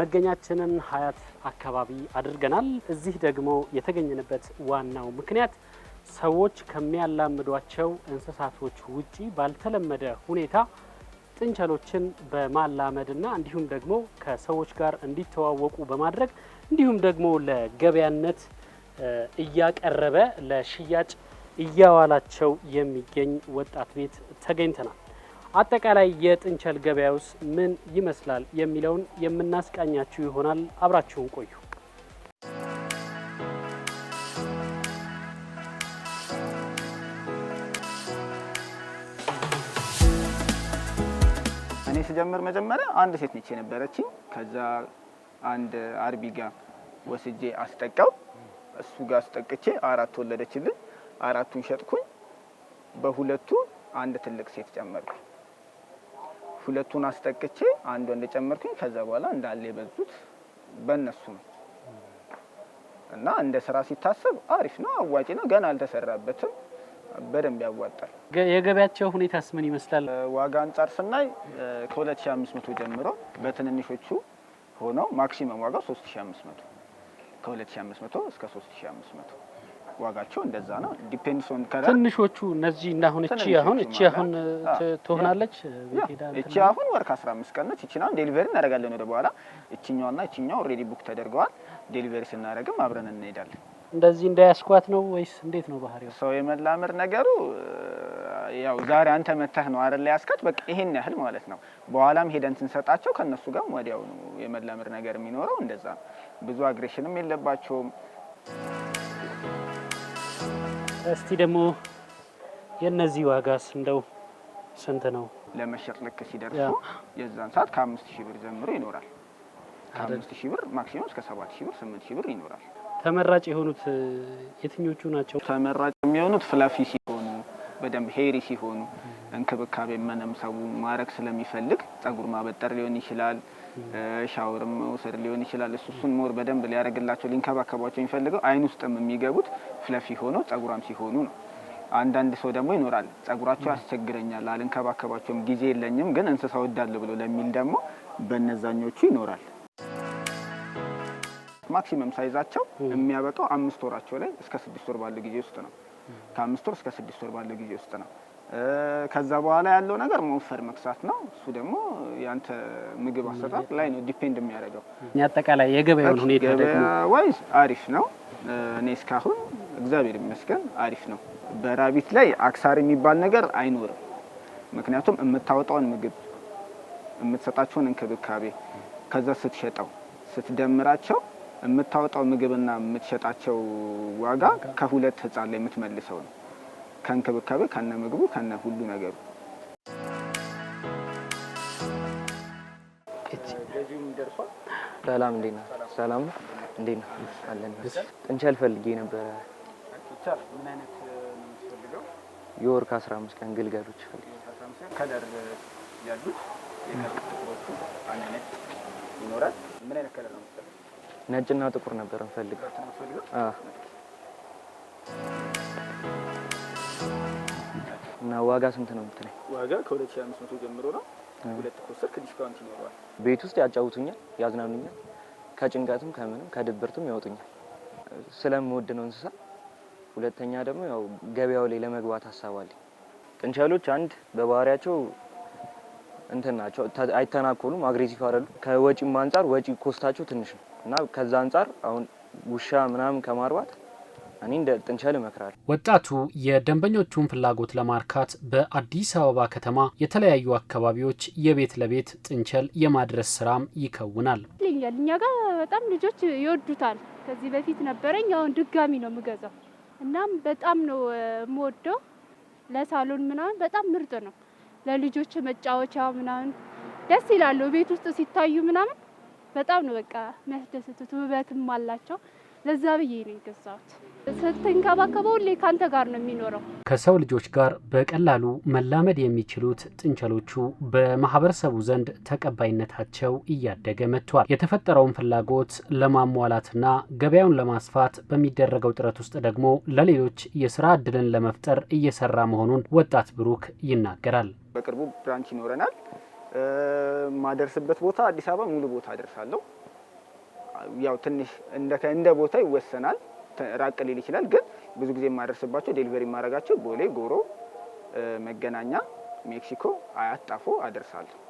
መገኛችንን ሀያት አካባቢ አድርገናል። እዚህ ደግሞ የተገኘንበት ዋናው ምክንያት ሰዎች ከሚያላምዷቸው እንስሳቶች ውጪ ባልተለመደ ሁኔታ ጥንቸሎችን በማላመድና እንዲሁም ደግሞ ከሰዎች ጋር እንዲተዋወቁ በማድረግ እንዲሁም ደግሞ ለገበያነት እያቀረበ ለሽያጭ እያዋላቸው የሚገኝ ወጣት ቤት ተገኝተናል። አጠቃላይ የጥንቸል ገበያ ውስጥ ምን ይመስላል የሚለውን የምናስቃኛችሁ ይሆናል። አብራችሁን ቆዩ። እኔ ስጀምር መጀመሪያ አንድ ሴት ነች የነበረችኝ። ከዛ አንድ አርቢ ጋር ወስጄ አስጠቃው። እሱ ጋር አስጠቅቼ አራት ወለደችልን አራቱን ሸጥኩኝ። በሁለቱ አንድ ትልቅ ሴት ጨመርኩኝ። ሁለቱን አስጠቅቼ አንዱ እንደጨመርኩኝ ከዛ በኋላ እንዳለ የበዙት በእነሱ ነው እና እንደ ስራ ሲታሰብ አሪፍ ነው፣ አዋጭ ነው። ገና አልተሰራበትም፣ በደንብ ያዋጣል። የገበያቸው ሁኔታስ ምን ይመስላል? ዋጋ አንጻር ስናይ ከ2500 ጀምሮ በትንንሾቹ ሆነው ማክሲመም ዋጋ 3500 ከ2500 እስከ 3500 ዋጋቸው እንደዛ ነው። ዲፔንድ ኦን ከለር ትንሾቹ እነዚህ እና አሁን እቺ አሁን እቺ አሁን ትሆናለች። እቺ አሁን ወር ከአስራ አምስት ቀን ነች። እቺ አሁን ዴሊቨሪ እናደርጋለን ወደ በኋላ። እቺኛዋና እቺኛው ኦልሬዲ ቡክ ተደርገዋል። ዴሊቨሪ ስናደርግም አብረን እንሄዳለን። እንደዚህ እንዳያስኳት ነው ወይስ እንዴት ነው ባህሪው? ሰው የመላመድ ነገሩ ያው ዛሬ አንተ መተህ ነው አይደል ያስካት፣ በቃ ይሄን ያህል ማለት ነው። በኋላም ሄደን ስንሰጣቸው ከነሱ ጋር ወዲያው ነው የመላመድ ነገር የሚኖረው። እንደዛ ነው ብዙ አግሬሽንም የለባቸውም። እስቲ ደግሞ የእነዚህ ዋጋስ እንደው ስንት ነው? ለመሸጥ ልክ ሲደርሱ የዛን ሰዓት ከአምስት ሺህ ብር ጀምሮ ይኖራል። ከአምስት ሺህ ብር ማክሲመም እስከ ሰባት ሺህ ብር ስምንት ሺህ ብር ይኖራል። ተመራጭ የሆኑት የትኞቹ ናቸው? ተመራጭ የሚሆኑት ፍላፊ ሲሆኑ በደንብ ሄሪ ሲሆኑ እንክብካቤ መነም ሰው ማድረግ ስለሚፈልግ ጸጉር ማበጠር ሊሆን ይችላል፣ ሻወር መውሰድ ሊሆን ይችላል። እሱ እሱን ሞር በደንብ ሊያደርግላቸው ሊንከባከቧቸው የሚፈልገው አይን ውስጥም የሚገቡት ፍለፊ ሆኖ ጸጉራም ሲሆኑ ነው። አንዳንድ ሰው ደግሞ ይኖራል ጸጉራቸው ያስቸግረኛል፣ አልንከባከባቸውም፣ ጊዜ የለኝም፣ ግን እንስሳ ወዳለ ብሎ ለሚል ደግሞ በነዛኞቹ ይኖራል። ማክሲመም ሳይዛቸው የሚያበቃው አምስት ወራቸው ላይ እስከ ስድስት ወር ባለው ጊዜ ውስጥ ነው። ከአምስት ወር እስከ ስድስት ወር ባለው ጊዜ ውስጥ ነው። ከዛ በኋላ ያለው ነገር መወፈር መክሳት ነው። እሱ ደግሞ ያንተ ምግብ አሰጣጥ ላይ ነው ዲፔንድ የሚያደርገው። አጠቃላይ የገበያውን ሁኔታ ደግሞ ዋይዝ አሪፍ ነው። እኔ እስካሁን እግዚአብሔር ይመስገን አሪፍ ነው። በራቢት ላይ አክሳር የሚባል ነገር አይኖርም። ምክንያቱም የምታወጣውን ምግብ የምትሰጣቸውን እንክብካቤ ከዛ ስትሸጠው ስትደምራቸው የምታወጣው ምግብና የምትሸጣቸው ዋጋ ከሁለት ህፃን ላይ የምትመልሰው ነው። ከእንክብካቤ ከነ ምግቡ ከነ ሁሉ ነገሩ ሰላም እንዴት ነህ? ሰላም እንዴት ነህ? አለን ጥንቸል ፈልጌ ነበረ ፒክቸር ምን አይነት ነው የምትፈልገው? የወር ከአስራ አምስት ቀን ግልጋሎች ይፈልጋል። ከለር ያሉት አንድ አይነት ይኖራል። ምን አይነት ከለር ነው የምትፈልገው? ነጭና ጥቁር ነበር እንፈልገው። እና ዋጋ ስንት ነው የምትለኝ? ዋጋ ከ2500 ጀምሮ ነው። ሁለት ኮንሰርት ከዲስካውንት ይኖረዋል። ቤት ውስጥ ያጫውቱኛል፣ ያዝናኑኛል፣ ከጭንቀትም ከምንም ከድብርትም ያወጡኛል። ስለምወድ ነው እንስሳ ሁለተኛ ደግሞ ያው ገበያው ላይ ለመግባት ሀሳብ ጥንቸሎች አንድ በባህሪያቸው እንትን ናቸው፣ አይተናኮሉም፣ አግሬሲቭ አይደሉም። ከወጪም አንጻር ወጪ ኮስታቸው ትንሽ ነው እና ከዛ አንጻር አሁን ውሻ ምናምን ከማርባት እኔ እንደ ጥንቸል እመክራለሁ። ወጣቱ የደንበኞቹን ፍላጎት ለማርካት በአዲስ አበባ ከተማ የተለያዩ አካባቢዎች የቤት ለቤት ጥንቸል የማድረስ ስራም ይከውናል። ይለኛል እኛ ጋር በጣም ልጆች ይወዱታል። ከዚህ በፊት ነበረኝ፣ አሁን ድጋሚ ነው የምገዛው። እናም በጣም ነው የምወደው። ለሳሎን ምናምን በጣም ምርጥ ነው። ለልጆች መጫወቻ ምናምን ደስ ይላሉ። ቤት ውስጥ ሲታዩ ምናምን በጣም ነው በቃ የሚያስደስቱት፣ ውበትም አላቸው። ለዛ ብዬ ነው የገዛሁት። ስትንከባከበው ሁሌ ካንተ ጋር ነው የሚኖረው። ከሰው ልጆች ጋር በቀላሉ መላመድ የሚችሉት ጥንቸሎቹ በማህበረሰቡ ዘንድ ተቀባይነታቸው እያደገ መጥቷል። የተፈጠረውን ፍላጎት ለማሟላትና ገበያውን ለማስፋት በሚደረገው ጥረት ውስጥ ደግሞ ለሌሎች የስራ እድልን ለመፍጠር እየሰራ መሆኑን ወጣት ብሩክ ይናገራል። በቅርቡ ብራንች ይኖረናል። ማደርስበት ቦታ አዲስ አበባ ሙሉ ቦታ አደርሳለሁ። ያው ትንሽ እንደ ቦታ ይወሰናል ራቅ ሊል ይችላል። ግን ብዙ ጊዜ የማደርስባቸው ዴሊቨሪ የማደርጋቸው ቦሌ፣ ጎሮ፣ መገናኛ፣ ሜክሲኮ፣ አያጣፎ ጣፎ አደርሳለሁ።